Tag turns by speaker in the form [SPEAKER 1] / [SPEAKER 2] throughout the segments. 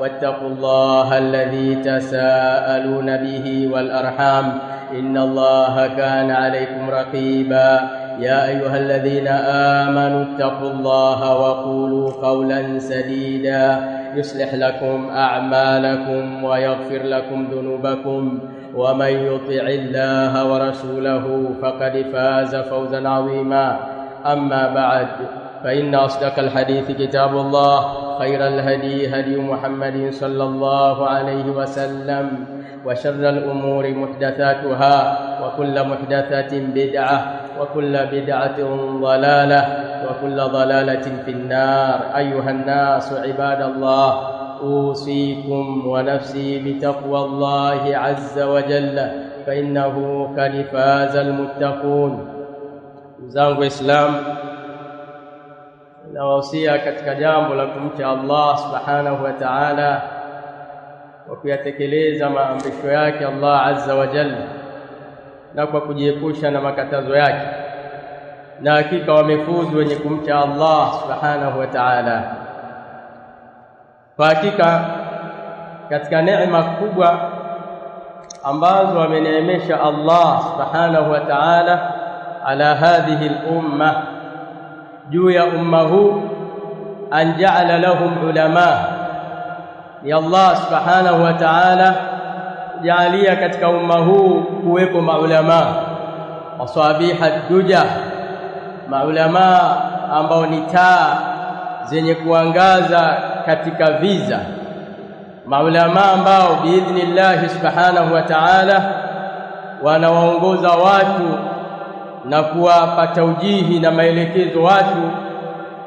[SPEAKER 1] واتقوا الله الذي تساءلون به والأرحام إن الله كان عليكم رقيبا يا أيها الذين آمنوا اتقوا الله وقولوا قولا سديدا يصلح لكم أعمالكم ويغفر لكم ذنوبكم ومن يطع الله ورسوله فقد فاز فوزا عظيما أما بعد فإن أصدق الحديث كتاب الله خير الهدي هدي محمد صلى الله عليه وسلم وشر الأمور محدثاتها وكل محدثة بدعة وكل بدعة ضلالة وكل ضلالة في النار أيها الناس عباد الله أوصيكم ونفسي بتقوى الله عز وجل فإنه قد فاز المتقون
[SPEAKER 2] زنغ إسلام nawahusia katika jambo la kumcha Allah subhanahu wa ta'ala kwa kuyatekeleza maamrisho yake Allah azza wa jalla na kwa kujiepusha na makatazo yake, na hakika wamefuzu wenye kumcha Allah subhanahu wa ta'ala. Kwa hakika katika neema kubwa ambazo ameneemesha Allah subhanahu wa ta'ala ala hadhihi al-umma juu ya umma huu an jaala lahum ulama, ni Allah subhanahu wa ta'ala jaalia katika umma huu kuwepo maulamaa wasabiha duja, maulamaa ambao ni taa zenye kuangaza katika viza, maulamaa ambao biidhni llahi subhanahu wa ta'ala wanawaongoza watu na kuwapa taujihi na maelekezo watu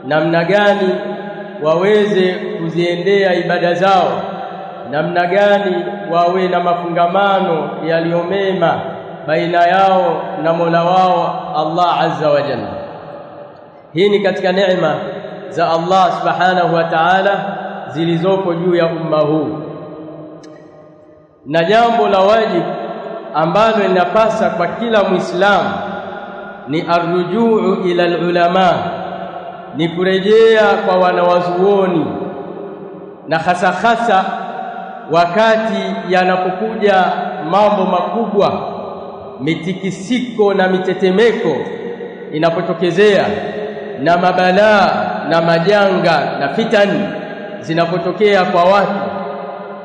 [SPEAKER 2] namna gani waweze kuziendea ibada zao, namna gani wawe na mafungamano yaliyo mema baina yao na Mola wao Allah azza wa jalla. Hii ni katika neema za Allah subhanahu wa ta'ala zilizopo juu ya umma huu, na jambo la wajibu ambalo linapasa kwa kila Muislamu ni arrujuu ila alulama, ni kurejea kwa wanawazuoni, na hasa hasa wakati yanapokuja mambo makubwa, mitikisiko na mitetemeko inapotokezea na mabalaa na majanga na fitani zinapotokea kwa watu,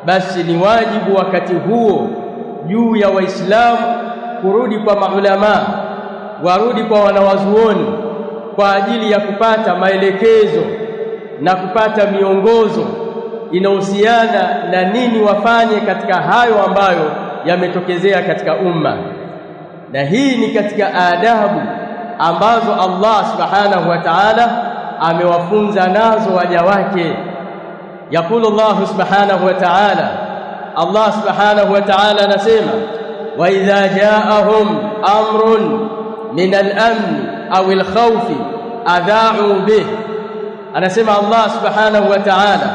[SPEAKER 2] basi ni wajibu wakati huo juu ya Waislamu kurudi kwa maulamaa warudi kwa wanawazuoni kwa ajili ya kupata maelekezo na kupata miongozo inahusiana na nini wafanye katika hayo ambayo yametokezea katika umma. Na hii ni katika adabu ambazo Allah subhanahu wa ta'ala amewafunza nazo waja wake. Yakulu Allah subhanahu wa ta'ala, Allah subhanahu wa ta'ala anasema wa idha jaahum amrun min al-amni au al-khawfi adha'u bih, anasema Allah subhanahu wa ta'ala,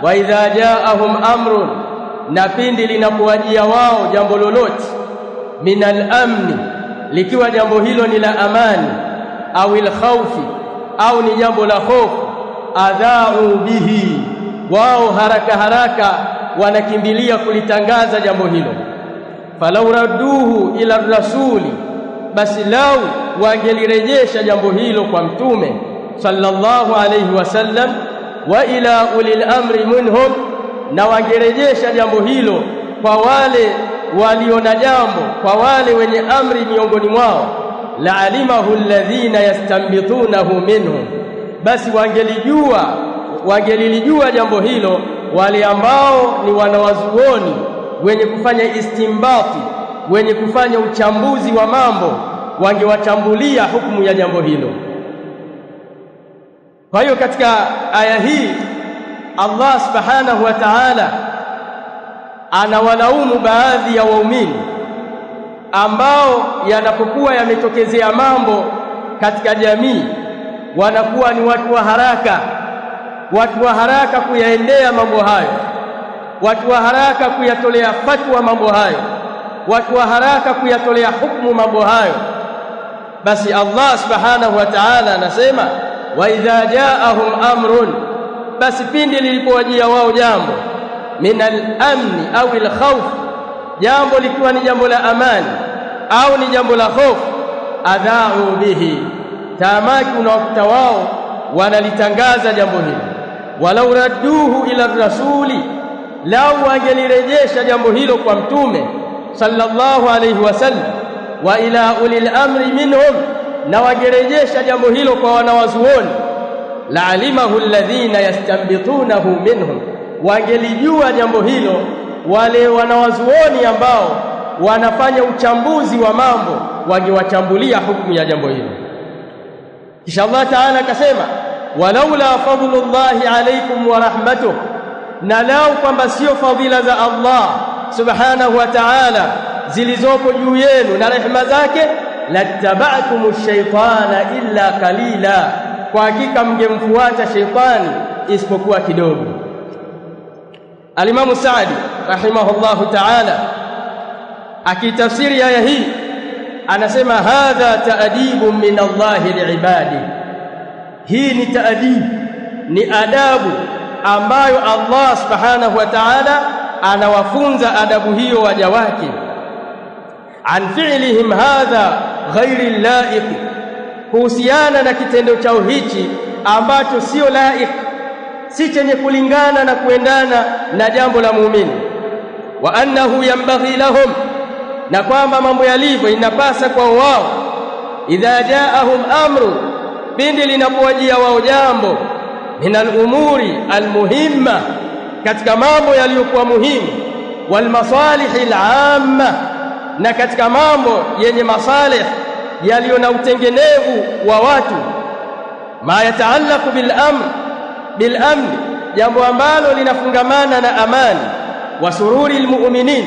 [SPEAKER 2] wa idha jaahum amrun, na pindi linakuwajia wao jambo lolote, min al-amni, likiwa jambo hilo ni la amani, au al-khawfi, au ni jambo la hofu, adha'u bihi, wao haraka haraka wanakimbilia kulitangaza jambo hilo, falau radduhu ila rasuli basi lau wangelirejesha jambo hilo kwa Mtume sallallahu alayhi wasallam wa ila ulil amri minhum, na wangerejesha jambo hilo kwa wale waliona jambo, kwa wale wenye amri miongoni mwao, la alimahu alladhina yastambitunahu minhum, basi wangelijua wangelilijua jambo hilo wale ambao ni wanawazuoni wenye kufanya istimbati wenye kufanya uchambuzi wa mambo wangewachambulia hukumu ya jambo hilo. Kwa hiyo katika aya hii Allah subhanahu wa ta'ala anawalaumu baadhi ya waumini ambao yanapokuwa yametokezea mambo katika jamii wanakuwa ni watu wa haraka, watu wa haraka kuyaendea mambo hayo, watu wa haraka kuyatolea fatwa mambo hayo watu wa haraka kuyatolea hukumu mambo hayo, basi Allah subhanahu wa ta'ala anasema wa idha jaahum amrun, basi pindi lilipowajia wao jambo min al-amni au al-khawf, jambo likiwa ni jambo la amani au ni jambo la hofu, adhau bihi, taamaki unawakuta wao wanalitangaza jambo hilo. Walau radduhu ila rasuli, lau wangelirejesha jambo hilo kwa mtume sallallahu alayhi wasallam wa ila ulil amri minhum, na wagerejesha jambo hilo kwa wanawazuoni. Laalimahu alladhina yastanbitunahu minhum, wangelijua jambo hilo wale wanawazuoni ambao wanafanya uchambuzi wa mambo, wangewachambulia hukumu ya jambo hilo. Kisha Allah taala akasema, walaula fadlullahi alaykum wa rahmatuh, na lau kwamba sio fadhila za Allah subhanahu wa ta'ala zilizopo juu yenu na rehema zake, lattaba'tumu shaitana illa kalila, kwa hakika mngemfuata sheitani isipokuwa kidogo. Alimamu Saadi rahimahullahu ta'ala akitafsiri aya hii anasema hadha taadibu min Allahi liibadi, hii ni taadibu, ni adabu ambayo Allah subhanahu wa ta'ala anawafunza adabu hiyo waja wake, an fi'lihim hadha ghairi laiq, kuhusiana na kitendo chao hichi ambacho siyo laiq, si chenye kulingana na kuendana na jambo la muumini. Wa annahu yambaghi lahum, na kwamba mambo yalivyo inapasa kwa wao, idha jaahum amru, pindi linapowajia wao jambo, min alumuri almuhimma katika mambo yaliyokuwa muhimu, walmasalihi lamma, na katika mambo yenye masalih yaliyo na utengenevu wa watu, ma yataalaku bilamri bilamni, jambo ambalo linafungamana na amani, wa sururi lmuminin,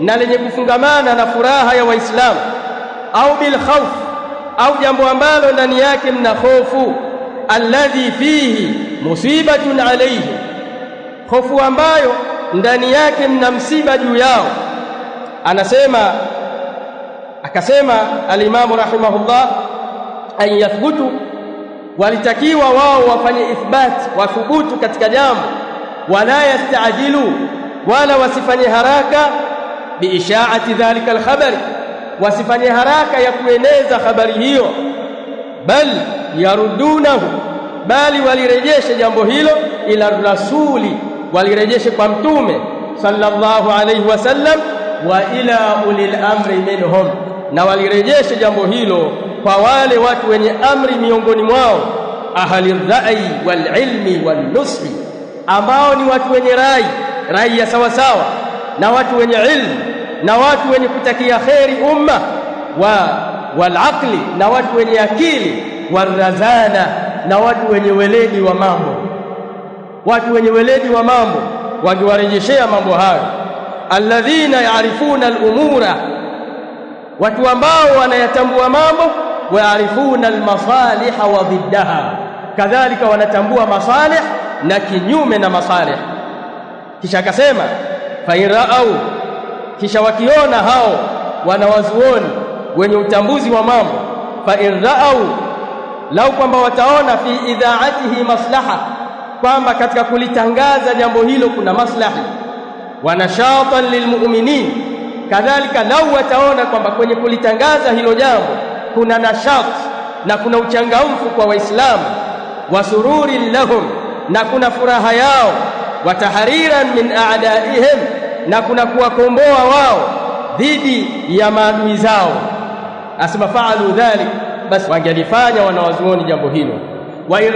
[SPEAKER 2] na lenye kufungamana na furaha ya Waislamu, au bilkhaufi, au jambo ambalo ndani yake mna hofu, alladhi fihi musibatun alayhi hofu ambayo ndani yake mna msiba juu yao. Anasema akasema alimamu rahimahullah, an yathbutu, walitakiwa wao wafanye ithbati, wathubutu katika jambo, wala yastaajilu, wala wasifanye haraka biishaati dhalika alkhabari, wasifanye haraka ya kueneza habari hiyo, bal yarudunahu, bali walirejeshe jambo hilo ila rasuli walirejeshe kwa Mtume sallallahu alaihi wasallam wa ila ulil amri minhum, na walirejeshe jambo hilo kwa wale watu wenye amri miongoni mwao, ahli rai wal ilmi wal nushi, ambao ni watu wenye rai rai ya sawasawa na watu wenye ilmu na watu wenye kutakia kheri umma wa wal aqli, na watu wenye akili, warazana, na watu wenye weledi wa mambo watu wenye weledi wa mambo wangewarejeshea mambo hayo. Alladhina yaarifuna alumura, watu ambao wanayatambua mambo. Wayaarifuna almasaliha wa dhiddaha, kadhalika wanatambua masalih na kinyume na masalih. Kisha akasema fain raau, kisha wakiona hao wanawazuoni wenye utambuzi wa mambo. Fain raau, lau kwamba wataona fi idhaatihi maslaha kwamba katika kulitangaza jambo hilo kuna maslahi wa nashatan lilmuminin. Kadhalika lau wataona kwamba kwenye kulitangaza hilo jambo kuna nashat na kuna uchangamfu kwa Waislamu, wa sururin lahum, na kuna furaha yao, wa tahriran min aadaihim, na kuna kuwakomboa wao dhidi ya maadui zao. Asema faalu dhalik, basi wangelifanya wanawazuoni jambo hilo wa in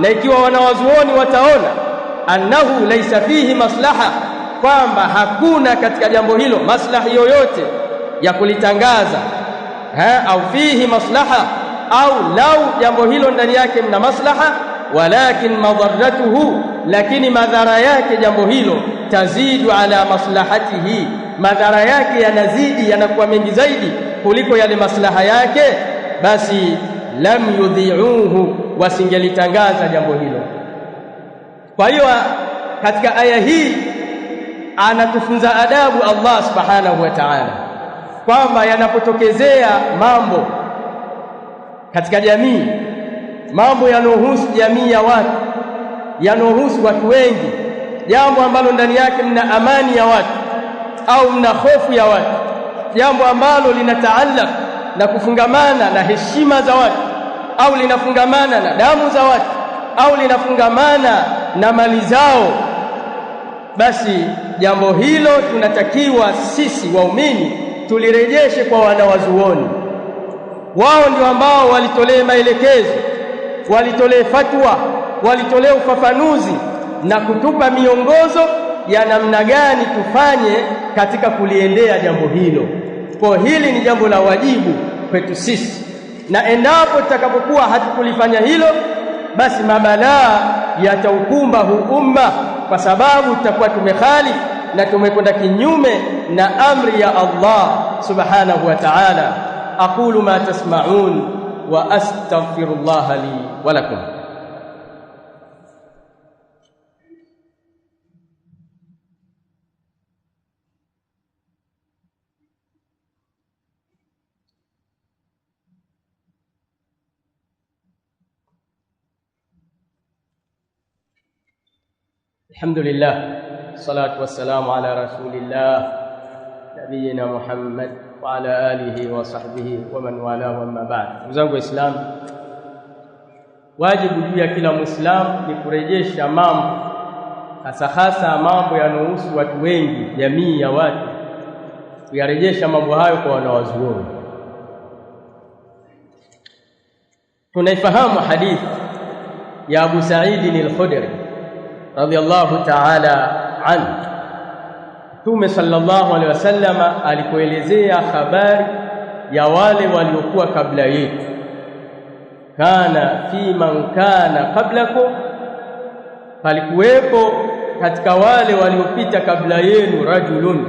[SPEAKER 2] na ikiwa wanawazuoni wataona annahu laisa fihi maslaha, kwamba hakuna katika jambo hilo maslahi yoyote ya kulitangaza ha, au fihi maslaha au lau jambo hilo ndani yake mna maslaha, walakin madharatuhu, lakini madhara yake jambo hilo tazidu ala maslahatihi, madhara yake yanazidi, yanakuwa mengi zaidi kuliko yale maslaha yake, basi lam yudhi'uhu, wasingelitangaza jambo hilo. Kwa hiyo katika aya hii anatufunza adabu Allah subhanahu wa ta'ala, kwamba yanapotokezea mambo katika jamii, mambo yanohusu jamii ya watu, yanohusu watu wengi, jambo ambalo ndani yake mna amani ya watu au mna hofu ya watu, jambo ambalo linataallaq na kufungamana na heshima za watu au linafungamana na damu za watu au linafungamana na mali zao, basi jambo hilo tunatakiwa sisi waumini tulirejeshe kwa wanawazuoni. Wao ndio ambao walitolee maelekezo, walitolee fatwa, walitolee ufafanuzi na kutupa miongozo ya namna gani tufanye katika kuliendea jambo hilo. Kwa hili ni jambo la wajibu kwetu sisi na endapo tutakapokuwa hatukulifanya hilo, basi mabalaa yataukumba huu umma, kwa sababu tutakuwa tumekhalifu na tumekwenda kinyume na amri ya Allah subhanahu wa ta'ala. aqulu ma tasma'un wa astaghfirullaha li wa lakum.
[SPEAKER 1] الحمد لله الصلاة والسلام على رسول الله نبينا محمد وعلى آله وصحبه ومن والاه وما بعد مزاق الإسلام واجب لي كل مسلم لكريجيش أمام أسخاص أمام بيانوس وتوينج يمين يوات ويريجيش أمام بهاي قوانا وزور تنفهم حديث يا أبو سعيد الخدري radhiallahu ta'ala anhu. Mtume sallallahu alaihi wasallama alipoelezea habari ya wale waliokuwa kabla yetu, kana fi man kana qablako, palikuwepo katika wale waliopita kabla yenu, rajulun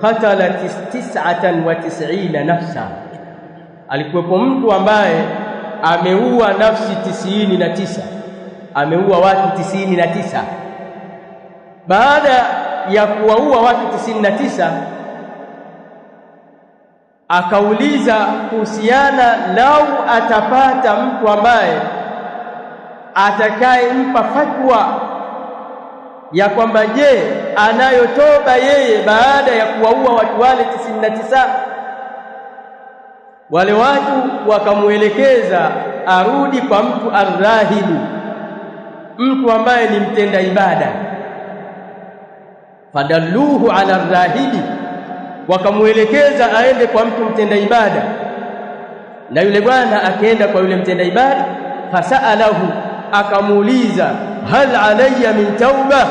[SPEAKER 1] katala tis'atan wa tis'ina nafsa, alikuwepo mtu ambaye ameua nafsi tisini na tisa ameua watu tisini na tisa. Baada ya kuwaua watu tisini na tisa, akauliza kuhusiana, lau atapata mtu ambaye atakayempa fatwa ya kwamba je, anayotoba yeye baada ya kuwaua watu wale tisini na tisa. Wale watu wakamwelekeza arudi kwa mtu arrahibu mtu ambaye ni mtenda ibada. Fadalluhu ala rahibi, wakamwelekeza aende kwa mtu mtenda ibada, na yule bwana akaenda kwa yule mtenda ibada. Fasaalahu, akamuuliza hal alayya min tauba,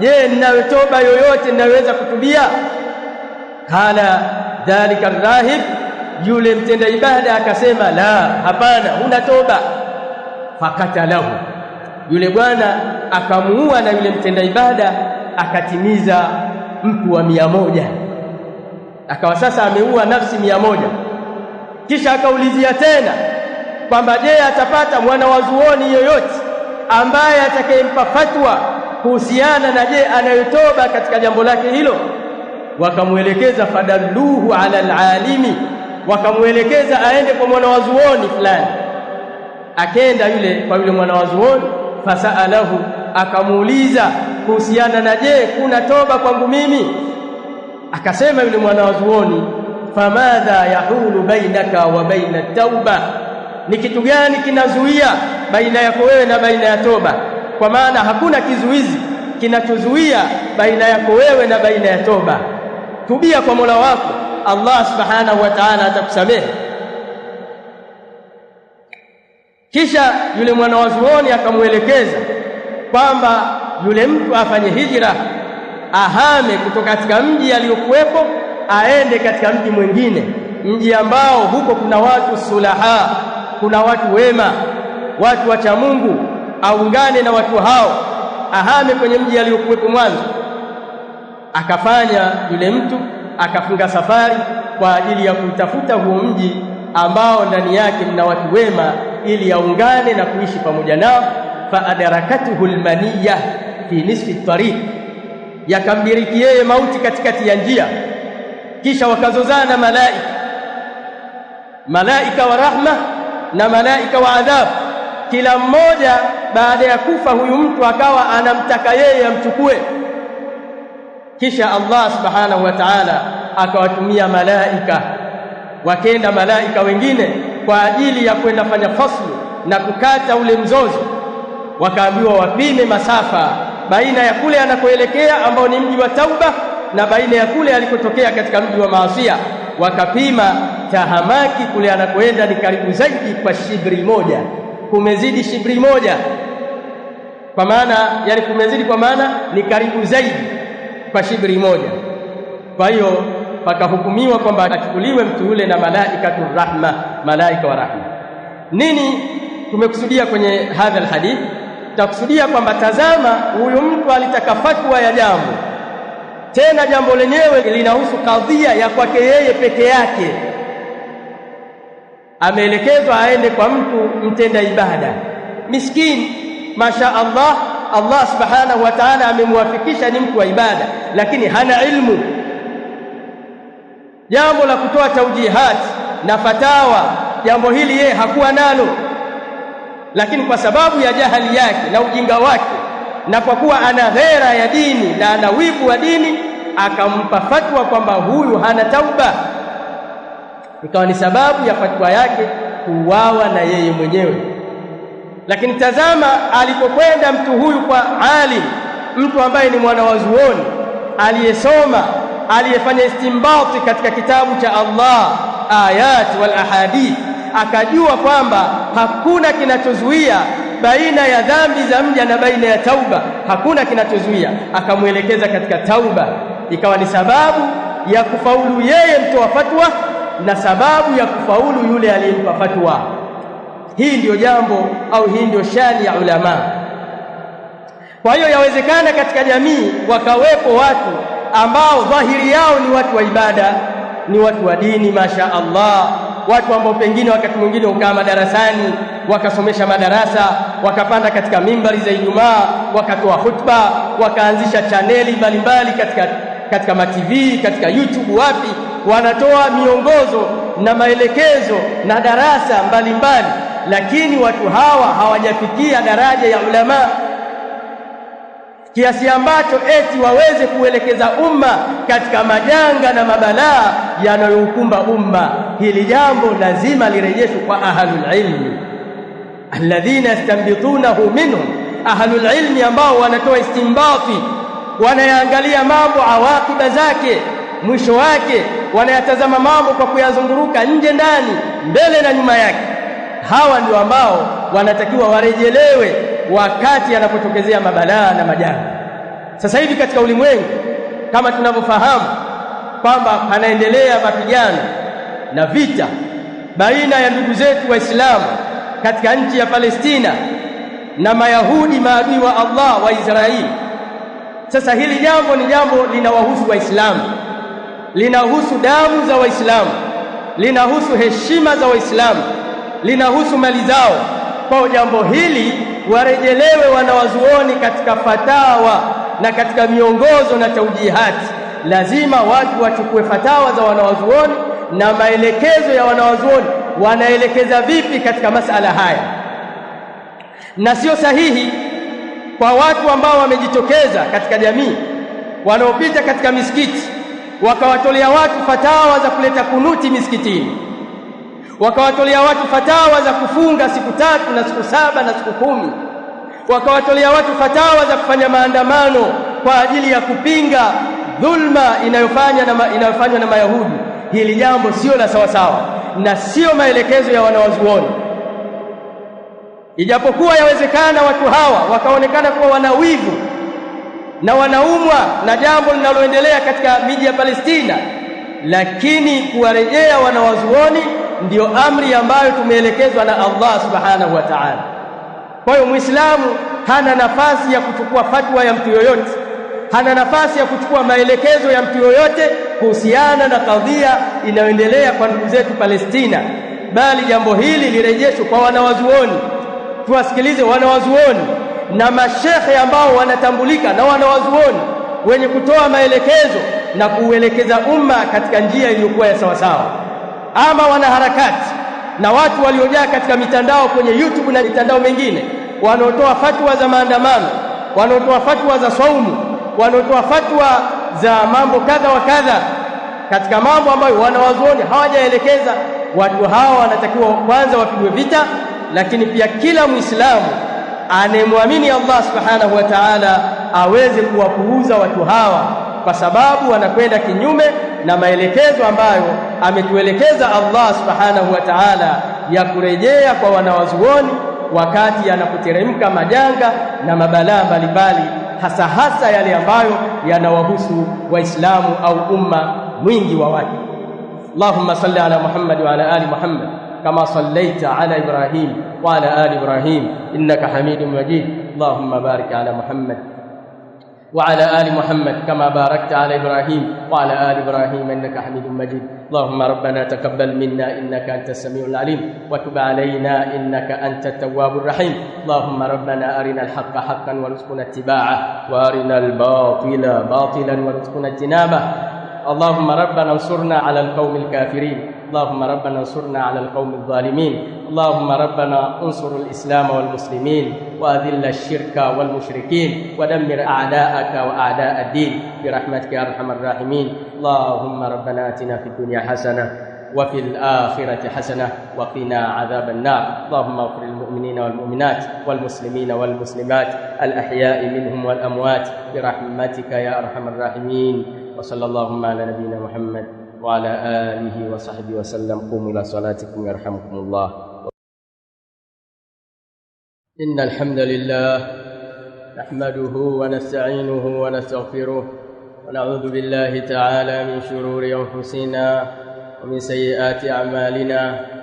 [SPEAKER 1] je, ninayo toba yoyote ninaweza kutubia? Kala dhalika rahib, yule mtenda ibada akasema la, hapana, huna toba. Fakatalahu yule bwana akamuua na yule mtenda ibada akatimiza mtu wa mia moja akawa sasa ameua nafsi mia moja kisha akaulizia tena kwamba je, atapata mwana wa zuoni yoyote ambaye atakayempa fatwa kuhusiana na je anayotoba katika jambo lake hilo? Wakamwelekeza fadalluhu ala alalimi, wakamwelekeza aende kwa zuoni fulani. Akenda yule kwa yule zuoni fasaalahu, akamuuliza kuhusiana na je, kuna toba kwangu mimi? Akasema yule zuoni, famadha yahulu bainaka wa baina tauba, ni kitu gani kinazuia baina yako wewe na baina ya toba? Kwa maana hakuna kizuizi kinachozuia baina yako wewe na baina ya toba. Tubia kwa Mola wako Allah subhanahu wa ta'ala, atakusamehe. Kisha yule mwana zuoni akamwelekeza kwamba yule mtu afanye hijra, ahame kutoka katika mji aliyokuwepo aende katika mji mwingine, mji ambao huko kuna watu sulaha, kuna watu wema, watu wacha Mungu, aungane na watu hao, ahame kwenye mji aliyokuwepo mwanzo. Akafanya yule mtu akafunga safari kwa ajili ya kutafuta huo mji ambao ndani yake mna watu wema, ili yaungane na kuishi pamoja nao. Fa adrakathu almaniya fi nisfi tariq, yakambiriki yeye mauti katikati ya njia, kisha wakazozana malaika, malaika wa rahma na malaika wa adhabu, kila mmoja baada ya kufa huyu mtu akawa anamtaka yeye amchukue. Kisha Allah subhanahu wa ta'ala akawatumia malaika wakenda malaika wengine kwa ajili ya kwenda fanya faslu na kukata ule mzozo, wakaambiwa wapime masafa baina ya kule anakoelekea ambao ni mji wa tauba na baina ya kule alikotokea katika mji wa maasia. Wakapima tahamaki, kule anakoenda ni karibu zaidi kwa shibri moja, kumezidi shibri moja kwa maana yani kumezidi, kwa maana ni karibu zaidi kwa shibri moja. Kwa hiyo pakahukumiwa kwamba achukuliwe mtu yule na malaikatu rahma, malaika wa rahma. Nini tumekusudia kwenye hadha alhadith? Tutakusudia kwamba tazama, huyu mtu alitaka fatwa ya jambo, tena jambo lenyewe linahusu kadhia ya kwake yeye peke yake, ameelekezwa aende kwa mtu mtenda ibada miskini, masha Allah, Allah subhanahu wa ta'ala amemwafikisha ni mtu wa ibada, lakini hana ilmu jambo la kutoa taujihati na fatawa, jambo hili yeye hakuwa nalo, lakini kwa sababu ya jahali yake na ujinga wake, na kwa kuwa ana ghera ya dini na ana wivu wa dini, akampa fatwa kwamba huyu hana tauba, ikawa ni sababu ya fatwa yake kuuawa na yeye mwenyewe. Lakini tazama alipokwenda mtu huyu kwa alim, mtu ambaye ni mwana zuoni aliyesoma aliyefanya istimbati katika kitabu cha Allah ayat wal ahadith, akajua kwamba hakuna kinachozuia baina ya dhambi za mja na baina ya tauba, hakuna kinachozuia, akamwelekeza katika tauba, ikawa ni sababu ya kufaulu yeye mtoa fatwa na sababu ya kufaulu yule aliyempa fatwa. Hii ndiyo jambo au hii ndiyo shani ya ulamaa. Kwa hiyo yawezekana katika jamii wakawepo watu ambao dhahiri yao ni watu wa ibada, ni watu wa dini, masha Allah, watu ambao pengine wakati mwingine ukaa madarasani wakasomesha madarasa wakapanda katika mimbari za Ijumaa wakatoa hutuba wakaanzisha chaneli mbalimbali katika, katika mativi katika YouTube wapi, wanatoa miongozo na maelekezo na darasa mbalimbali mbali. Lakini watu hawa hawajafikia daraja ya ulamaa kiasi ambacho eti waweze kuelekeza umma katika majanga na mabalaa yanayoukumba umma. Hili jambo lazima lirejeshwe kwa ahlul ilmi, alladhina yastambitunahu minhum, ahlul ilmi ambao wanatoa istimbati, wanayaangalia mambo awakiba zake, mwisho wake, wanayatazama mambo kwa kuyazunguruka nje ndani, mbele na nyuma yake. Hawa ndio ambao wanatakiwa warejelewe wakati yanapotokezea mabalaa na majanga. Sasa hivi katika ulimwengu kama tunavyofahamu kwamba panaendelea mapigano na vita baina ya ndugu zetu Waislamu katika nchi ya Palestina na Mayahudi maadui wa Allah wa Israeli. Sasa hili jambo ni jambo linawahusu Waislamu, linahusu damu za Waislamu, linahusu heshima za Waislamu, linahusu mali zao kwao jambo hili warejelewe wanawazuoni katika fatawa na katika miongozo na taujihati. Lazima watu wachukue fatawa za wanawazuoni na maelekezo ya wanawazuoni, wanaelekeza vipi katika masala haya, na sio sahihi kwa watu ambao wamejitokeza katika jamii, wanaopita katika misikiti wakawatolea watu fatawa za kuleta kunuti misikitini wakawatolea watu fatawa za kufunga siku tatu na siku saba na siku kumi, wakawatolea watu fatawa za kufanya maandamano kwa ajili ya kupinga dhulma inayofanywa na, inayofanywa na Mayahudi. Hili jambo sio la sawasawa na siyo maelekezo ya wanawazuoni, ijapokuwa yawezekana watu hawa wakaonekana kuwa wanawivu na wanaumwa na jambo linaloendelea katika miji ya Palestina, lakini kuwarejea wanawazuoni ndiyo amri ambayo tumeelekezwa na Allah subhanahu wa ta'ala. Kwa hiyo Muislamu hana nafasi ya kuchukua fatwa ya mtu yoyote, hana nafasi ya kuchukua maelekezo ya mtu yoyote kuhusiana na kadhia inayoendelea kwa ndugu zetu Palestina, bali jambo hili lirejeshwe kwa wanawazuoni, tuwasikilize wanawazuoni na mashekhe ambao wanatambulika na wanawazuoni wenye kutoa maelekezo na kuuelekeza umma katika njia iliyokuwa ya sawasawa ama wanaharakati na watu waliojaa katika mitandao kwenye YouTube na mitandao mingine, wanaotoa fatwa za maandamano, wanaotoa fatwa za saumu, wanaotoa fatwa za mambo kadha wa kadha, katika mambo ambayo wanawazuoni hawajaelekeza. Watu hawa wanatakiwa kwanza wapigwe vita, lakini pia kila Muislamu anayemwamini Allah subhanahu wa ta'ala aweze kuwapuuza watu hawa kwa sababu wanakwenda kinyume na maelekezo ambayo ametuelekeza Allah subhanahu wa ta'ala ya kurejea kwa wanawazuoni wakati yanapoteremka majanga na mabalaa mbalimbali, hasa hasa yale ambayo yanawahusu Waislamu au umma mwingi wa watu. Allahumma salli ala Muhammad wa ala ali Muhammad kama sallaita ala Ibrahim wa ala ali Ibrahim innaka hamidun majid. Allahumma barik ala Muhammad وعلى آل محمد كما باركت على إبراهيم وعلى آل إبراهيم إنك حميد مجيد اللهم ربنا تقبل منا إنك أنت السميع العليم وتب علينا إنك أنت التواب الرحيم اللهم ربنا أرنا الحق حقا وارزقنا اتباعه وأرنا الباطل باطلا وارزقنا اجتنابه اللهم ربنا انصرنا على القوم الكافرين اللهم ربنا انصرنا على القوم الظالمين اللهم ربنا انصر الإسلام والمسلمين وأذل الشرك والمشركين ودمر أعداءك وأعداء الدين برحمتك يا أرحم الراحمين اللهم ربنا آتنا في الدنيا حسنة وفي الآخرة حسنة وقنا عذاب النار اللهم اغفر للمؤمنين والمؤمنات والمسلمين والمسلمات الأحياء منهم والأموات برحمتك يا أرحم الراحمين وصلى اللهم على نبينا محمد وعلى آله وصحبه وسلم قوموا إلى صلاتكم يرحمكم الله إن الحمد لله نحمده ونستعينه ونستغفره ونعوذ بالله تعالى من شرور أنفسنا ومن سيئات أعمالنا